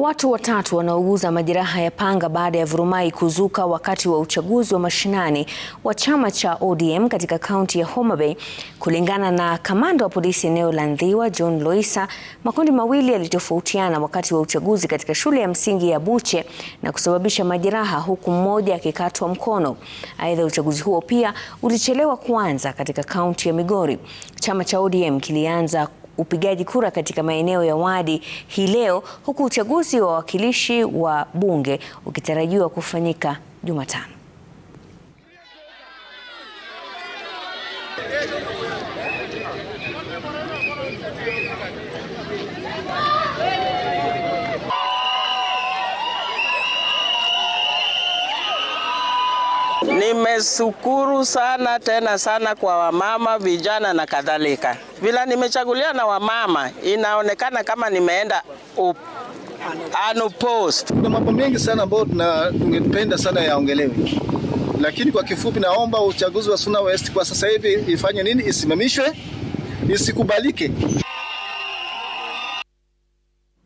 Watu watatu wanaouguza majeraha ya panga baada ya vurumai kuzuka wakati wa uchaguzi wa mashinani wa chama cha ODM katika kaunti ya Homa Bay. Kulingana na kamanda wa polisi eneo la Ndhiwa, John Loisa, makundi mawili yalitofautiana wakati wa uchaguzi katika shule ya msingi ya Buche na kusababisha majeraha huku mmoja akikatwa mkono. Aidha, uchaguzi huo pia ulichelewa kuanza katika kaunti ya Migori. Chama cha ODM kilianza upigaji kura katika maeneo ya wadi hii leo huku uchaguzi wa wawakilishi wa bunge ukitarajiwa kufanyika Jumatano. Nimeshukuru sana tena sana kwa wamama, vijana na kadhalika. Vila nimechagulia na wamama, inaonekana kama nimeenda up, post. Kuna mambo mengi sana ambayo tungependa sana yaongelewe, lakini kwa kifupi, naomba uchaguzi wa Suna West kwa sasa hivi ifanye nini? Isimamishwe, isikubalike.